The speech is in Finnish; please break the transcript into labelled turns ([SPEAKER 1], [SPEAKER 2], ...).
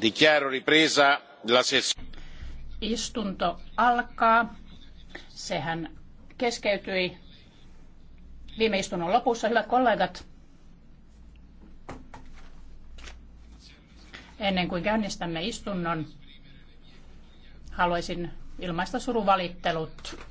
[SPEAKER 1] Dichiaro ripresa la sessione.
[SPEAKER 2] Istunto alkaa. Sehän keskeytyi viime istunnon lopussa. Hyvät kollegat, ennen kuin käynnistämme istunnon, haluaisin ilmaista suruvalittelut